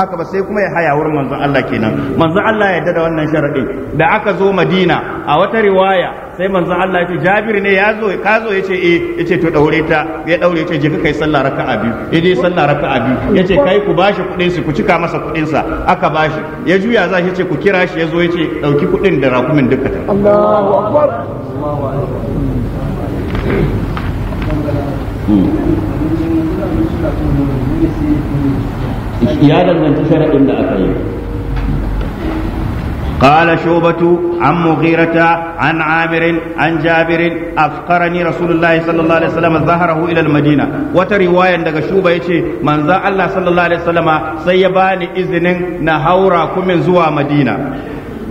haka ba sai kuma ya haya wurin manzon Allah kenan manzon Allah ya da wannan sharadi da aka zo Madina a wata riwaya sai manzon Allah ya ce Jabir ne ya zo ka zo yace eh yace to daure ta ya daure yace je ka kai sallah raka'a biyu ya je sallah raka'a biyu yace kai ku bashi kudin su ku cika masa kudin sa aka bashi ya juya za shi yace ku kira shi ya zo yace dauki kudin da rakumin duka Allahu akbar Allahu hmm. akbar ya danganci sharaɗin da aka yi قال شوبة عن مغيرة عن عامر عن جابر أفقرني رسول الله صلى الله عليه وسلم ظهره إلى المدينة وترواية عندك شوبة يشي من ذا الله صلى الله عليه وسلم سيباني إذن نهورا كم زوا مدينة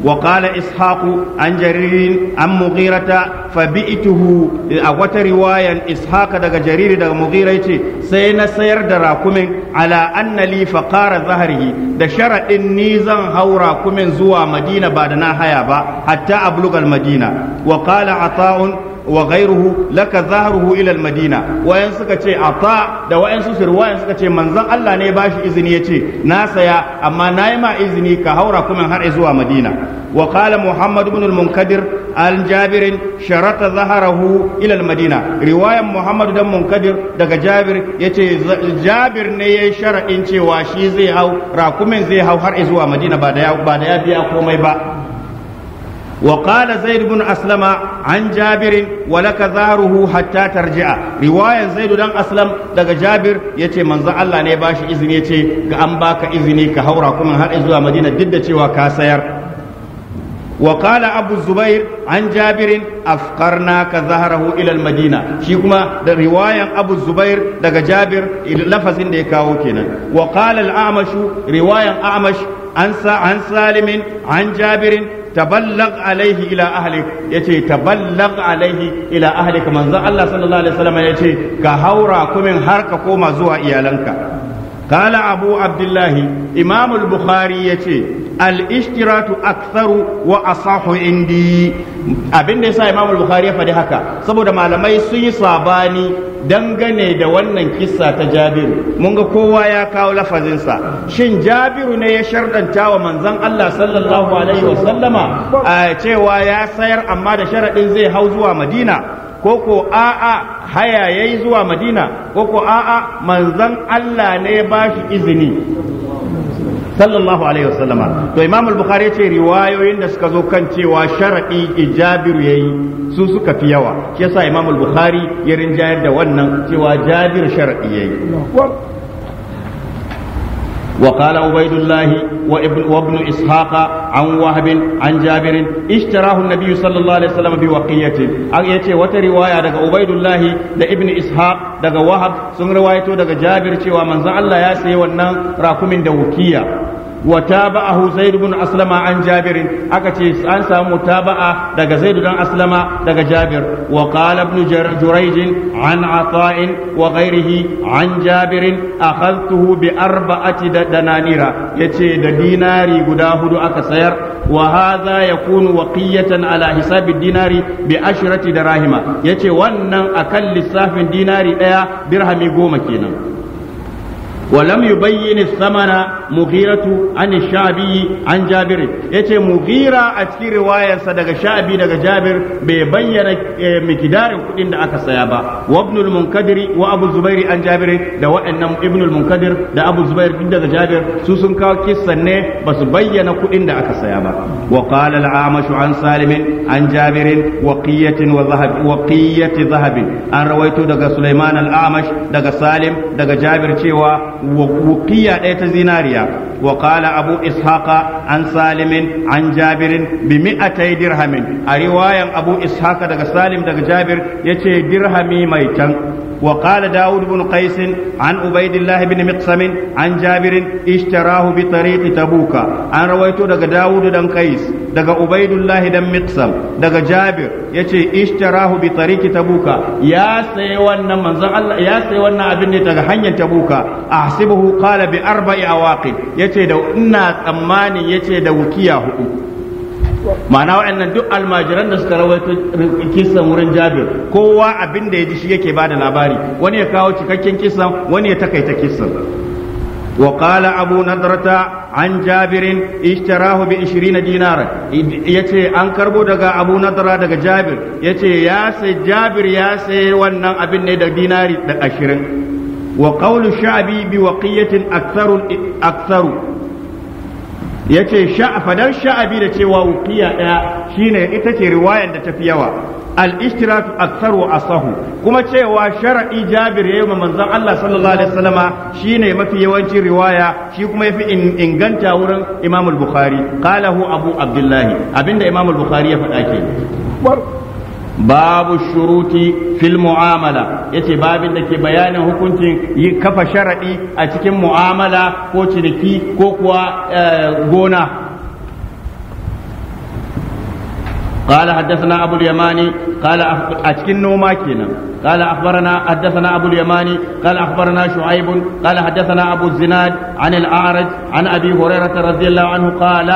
وقال إسحاق عن جرير عن مغيرة فبئته أغوت رواية إسحاق دغ جرير دغ مغيرة سينا سير دراكم على أن لي فقار ظهره دشرة النيزا هوراكم زوا مدينة بعد نهاية حتى أبلغ المدينة وقال عطاء wa ghairuhu laka zaharuhu ila madina wayan suka ce ata da wayan su riwayan suka ce manzon Allah ne bashi izini yace na saya amma nayi ma izini ka haura kuma har zuwa madina wa qala muhammad ibn al-munkadir an jabir sharata zaharahu ila madina riwayan muhammad dan munkadir daga jabir yace jabir ne yayi shar'in cewa shi zai hau rakumin zai hau har zuwa madina ba da ya biya komai ba وقال زيد بن أسلم عن جابر ولك ظهره حتى ترجع رواية زيد بن أسلم دغ جابر يتي منزا الله ne bashi izini yace ga an baka izini ka haura kuma har zuwa Madina duk da cewa ka sayar وقال أبو الزبير عن جابر أفقرناك ظهره إلى المدينة شيكما رواية أبو الزبير دق جابر لفظ كاوكينا وقال الأعمش رواية أعمش عن سالم عن جابر taballag alaihi ila ahli yace taballag alaihi ila ahli manzo Allah sallallahu alaihi wasallam yace ka haura kumin har ka koma zuwa iyalanka قال abu Abdullahi, Imamul Bukhari, yace. al-ishtiratu aktharu wa asahu indi abin da yasa Imamul Bukhari ya faɗi haka saboda malamai sun yi sabani dangane da wannan kissa ta Jabiru mun ga kowa ya kawo lafazin sa shin Jabiru ne ya shardanta wa manzon Allah sallallahu alaihi wasallama cewa ya sayar amma da sharaɗin zai hau zuwa Madina koko a'a haya yayi zuwa Madina koko a'a manzon Allah ne ya bashi izini sallallahu alaihi wasallam to imam al-bukhari yace riwayoyin da suka zo kan cewa sharadi ijabiru yayi su suka fi yawa shi yasa imam al-bukhari ya rinjayar da wannan cewa jabir sharadi yayi وقال عبيد الله وابن, وابن إسحاق عن وهب عن جابر اشتراه النبي صلى الله عليه وسلم بوقية أن يتي وترواية دك عبيد الله دا ابن إسحاق دك وهب سن روايته دك جابر تي ومن الله ياسي ونن راكم دوكية wa tabahu zaid ibn aslama an jabir aka ce an samu mutaba'a daga zaid dan aslama daga jabir wa qala ibn jurayj an ata'in wa ghairihi an jabir akhadtuhu bi arba'ati dananira yace da dinari guda hudu aka sayar wa hadha yakunu waqiyatan ala hisabi dinari bi ashrati darahima yace wannan akan lissafin dinari daya dirhami goma kenan ولم يبين الثمن مغيرة عن الشعبي عن جابر يتي مغيرة أتكي رواية صدق شعبي دق جابر بيبين مقدار كدين دا أكا سيابا وابن المنكدر وأبو الزبير عن جابر دا وإن ابن المنكدر دا أبو الزبير دق جابر سوسن كاو كسنة بس بين كدين دا أكا سيابا وقال العامش عن سالم عن جابر وقية وذهب وقية ذهب أن رويت دق سليمان الأعمش دق سالم دق جابر تشيوا wuqiya ɗaya ta zinariya وقال أبو إسحاق عن سالم عن جابر بمئتي درهم رواية أبو إسحاق دق سالم دق جابر يتي درهمي ميتا وقال داود بن قيس عن عبيد الله بن مقسم عن جابر اشتراه بطريق تبوك عن رويته دق داود بن قيس دق عبيد الله بن مقسم دق جابر يتي اشتراه بطريق تبوك يا سيوانا من الله يا سيوانا أبني دق حنيا تبوك أحسبه قال بأربع أواقب yace da ina tsammanin yace da wukiya hudu ma'ana wa'annan duk almajiran da suka rawaito kisan wurin jabir kowa abin da ya ji shi yake ba da labari wani ya kawo cikakken kisan wani ya takaita kisan wa qala abu nadrata an jabirin ishtarahu bi 20 dinar yace an karbo daga abu nadra daga jabir yace ya sai jabir ya sai wannan abin ne da dinari da ashirin. وقول الشعبي بوقية أكثر أكثر yace fadan sha'abi da cewa wuqiya daya shine ita ce riwayar da tafi yawa al Aksaru aktharu asahu kuma cewa shar'i Jabir yayi ma manzon Allah sallallahu alaihi wasallama shine mafi yawancin riwaya shi kuma yafi inganta wurin Imam al-Bukhari qalahu Abu Abdullah abinda Imam al-Bukhari ya faɗa ke babu shuruti fil mu'amala yace babin da ke bayanin hukuncin yi kafa sharadi a cikin mu'amala ko ciniki ko kuwa gona قال حدثنا أبو اليماني قال أتكن نوما كينا قال أخبرنا حدثنا أبو اليماني قال أخبرنا شعيب قال حدثنا أبو الزناد عن الأعرج عن أبي هريرة رضي الله عنه قال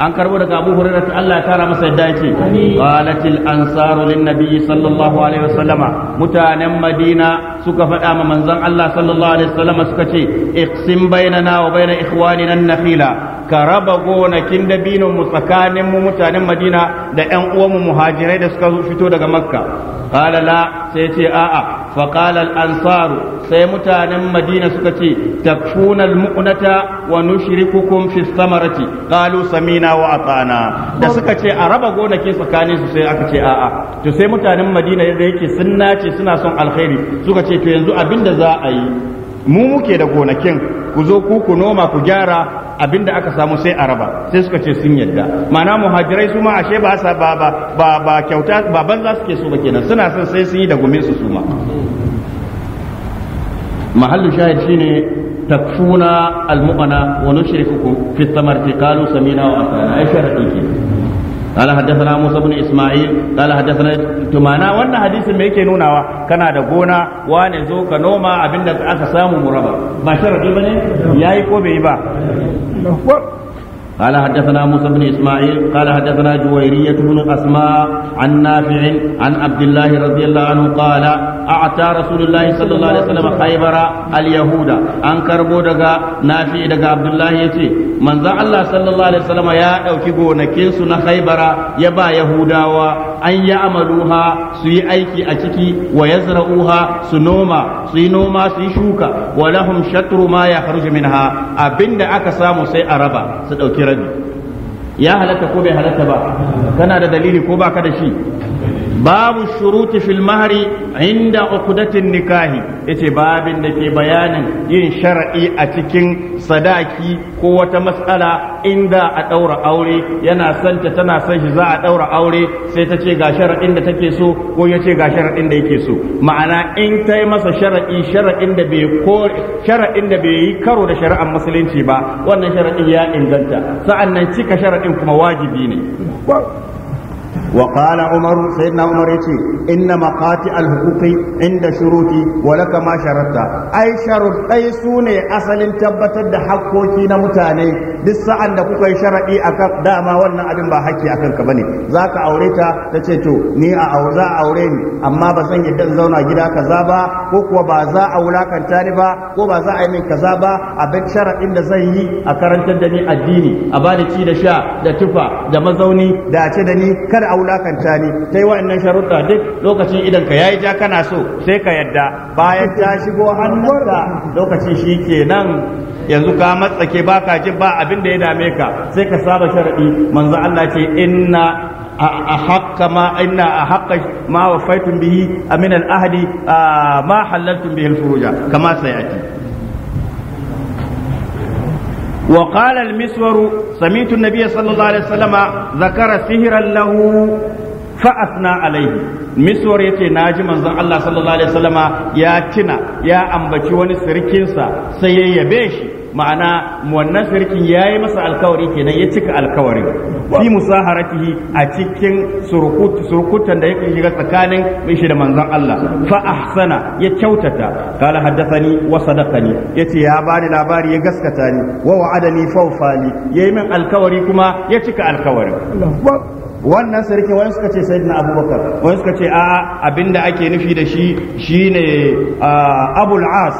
an karbo daga Abu ta Allah ya kara masa yadda yake qalatil ansaru lin nabiyyi sallallahu alaihi wasallam mutanen Madina suka faɗa ma manzon Allah sallallahu alaihi wasallam suka ce iqsim bainana wa baina ikhwanina an-nakhila ka raba gonakin dabinon mu tsakanin mu mutanen Madina da ƴan uwan mu muhajirai da suka fito daga Makka qala la sai ce a'a fa al ansaru sai mutanen madina suka ce takfunan al wa wa nushrikukum fi samarati qalu samina wa atana da suka ce a raba gonakin tsakanin su sai aka ce a'a to sai mutanen madina yadda yake sun nace suna son alkhairi suka ce to yanzu abin da za a yi mu muke da gonakin ku zo ku ku noma ku gyara Abin da aka samu sai a raba sai suka ce sun yadda ma'ana muhajirai su ma ashe ba sa ba ba ba kyauta ba banza suke so ba kenan suna son sai sun yi da gumin su su ma mahallu shahid shine takfuna almu'mina wa nushriku fi thamarati qalu samina wa atana قال حدثنا موسى بن اسماعيل قال حدثنا تمانا wannan hadisin me yake nunawa kana da gona wane zo ka noma abinda aka samu muraba ba sharadi bane yayi ko bai ba قال حدثنا موسى بن اسماعيل قال حدثنا جويرية بن اسماء عن نافع عن عبد الله رضي الله عنه قال اعطى رسول الله صلى الله عليه وسلم خيبر اليهود ان كربو دغا نافع دغا عبد الله يتي من ذا الله صلى الله عليه وسلم يا دوكي gonakin su na khaibara ya ba yahudawa an ya amaluha su yi aiki a ciki wa yazra'uha su noma su yi noma su yi shuka wa lahum shatru ma ya kharuju minha abinda aka samu sai a raba su dauki ya halatta ko bai halatta ba kana da dalili ko ba ka da shi babu shuruti fil mahari inda uqdatin nikahi yace babin da ke bayanin yin shar'i a cikin sadaki ko wata mas'ala inda a daura aure yana san ta tana son shi za a daura aure sai ta ce ga shar'in da take so ko yace ga shar'in da yake so ma'ana in ta yi masa shar'i shar'in da bai ko shar'in da bai yi karo da shari'ar musulunci ba wannan shar'in ya inganta sa'annan cika shar'in kuma wajibi ne وقال عمر سيدنا عمر يتي إن مقاطع الحقوق عند شروطي ولك ما شرطت أي شرط أي سوني أصل تبت حقوكي نمتاني دس عند كوكي شرعي أكاك داما ولنا أبن بحكي أكاك بني ذاك أوريتا تتيتو ني أعوزا أوريني أما بسن يدن زونا جدا كذابا كوكو بازا أولا كنتاني با كو بازا أمين كذابا أبن شرع إن زيي أكرنت دني الديني أبالي تي دشا دتفا دمزوني دأتدني كر أولا wulakanta ni ta yi wa'annan sharuɗa duk lokacin idan ka yayi ja kana so sai ka yadda bayan ta shigo hannunka lokacin shi kenan yanzu ka matsake ka ji, ba abin da ya dame ka sai ka saba sharaɗi manzo Allah ce inna أحق ما إن أحق ما وفيتم به من الأهل ما حللتم furuja, kamar كما وقال المسور سمعت النبي صلى الله عليه وسلم ذكر سهرا له فأثنى عليه miswar ya ce na ji manzon Allah sallallahu alaihi ya tina ya ambaci wani sirikinsa sai ya yabe shi ma'ana wannan ya yayi masa alkawari kenan ya cika alkawari fi musaharatihi a cikin surkutan da yake shiga tsakanin mishi da manzon Allah fa ahsana ya kyautata kala haddathani wa sadaqani yace ya bani labari ya gaskata ni wa wa'adani fa yayi min alkawari kuma ya cika alkawari wannan sarki wani suka ce sai na abubakar wani suka ce a'a abinda ake nufi da shi shine ah, abul as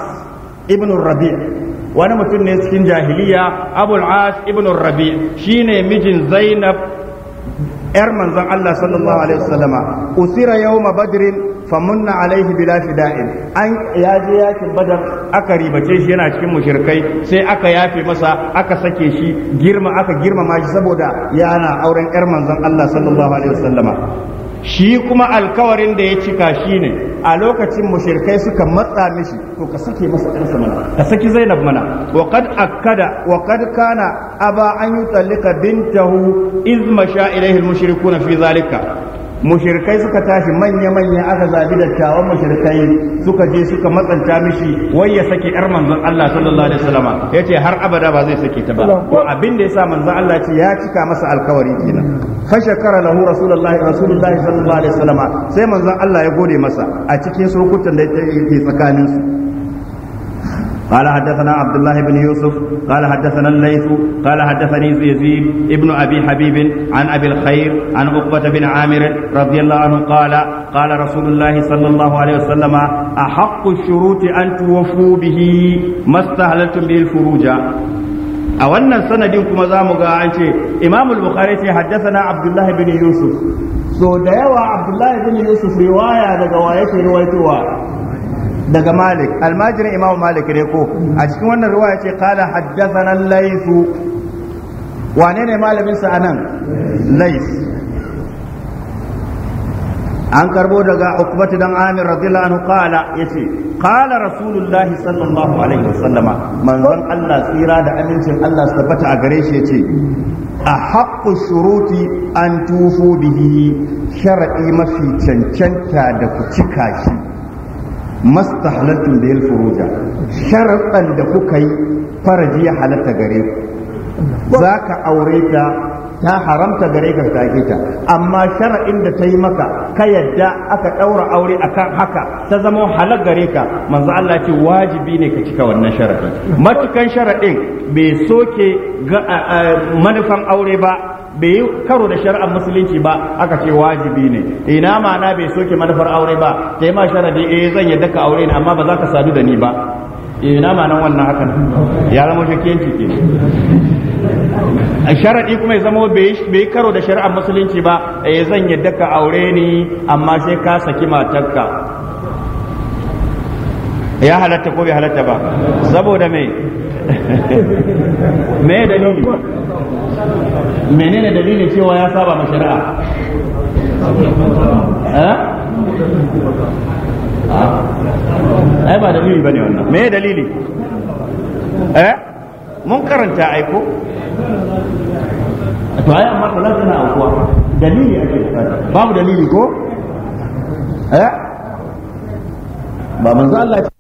ibn rabi' wani mutum ne cikin jahiliya abul as ibn rabi shine mijin zainab yar manzon Allah sallallahu alaihi wasallama usira yawma badrin famunna alaihi bila fida'in an ya je yakin badar aka ribace shi yana cikin mushrikai sai aka yafe masa aka sake shi girma aka girmama shi saboda yana auren yar manzon Allah sallallahu alaihi wasallama shi kuma alkawarin da ya cika shi ne a lokacin mushrikai suka matsa mishi to ka sake masa ɗansa mana ka saki zainab mana wa kad akkada wa kad kana aba an yutallika bintahu iz masha ilayhi almushrikuna fi zalika mushirkai suka tashi manya-manya aka zabi dattawan mushirkai suka je suka matsanta mishi wai ya sake yar manzon Allah sallallahu alaihi wasallam yace har abada ba zai sake ta ba ko abin da yasa manzon Allah ce ya cika masa alkawari kenan fa shakara lahu rasulullahi rasulullahi sallallahu alaihi wasallam sai manzon Allah ya gode masa a cikin surukutan da yake tsakanin su قال حدثنا عبد الله بن يوسف قال حدثنا الليث قال حدثني يزيد ابن ابي حبيب عن ابي الخير عن عقبه بن عامر رضي الله عنه قال قال رسول الله صلى الله عليه وسلم احق الشروط ان توفوا به ما استهللتم به الفروج a wannan sanadin kuma za mu ga an ce imam bukhari ce haddasa abdullahi bin yusuf so da yawa abdullahi bin yusuf riwaya daga waye ke ruwaitowa daga malik almajirin imamu malik ne ko a cikin wannan ruwa ya ce kala haddathana laifu wane ne malamin sa anan lais an karbo daga ukbatu dan amir radiyallahu anhu qala yace kala rasulullah sallallahu alaihi wasallama manzon Allah tsira da amincin Allah su tabbata a gare shi yace an الشروط bihi shara'i mafi cancanta da ku cika shi. mastahlattum da furuja sharaɗan da kuka yi faraji ya halatta gare ku zaka aure ta ta haramta gare ka ta ta amma sharaɗin da ta yi maka ka yadda aka ɗaura aure akan haka ta zama halar gare ka manzo Allah ce wajibi ne ka cika wannan sharaɗin matukan sharaɗin bai soke manufan aure ba bai yi karo da shari'ar musulunci ba aka ce wajibi ne ina ma'ana bai soke manufar aure ba ta ma sharadi eh zan yadda ka aure ni amma ba za ka sadu da ni ba ina ma'anan wannan hakan ya zama shakiyanci ke sharadi kuma ya zama bai karo da shari'ar musulunci ba eh zan yadda ka aure ni amma sai ka saki matarka ya halatta ko bai halatta ba saboda me me dalili menene dalilin cewa ya saba ma shari'a eh? ah? ai ba dalili bane wannan me dalili eh mun karanta aiko to ai amma kula tana aukuwa dalili ake babu dalili ko eh ba manzo Allah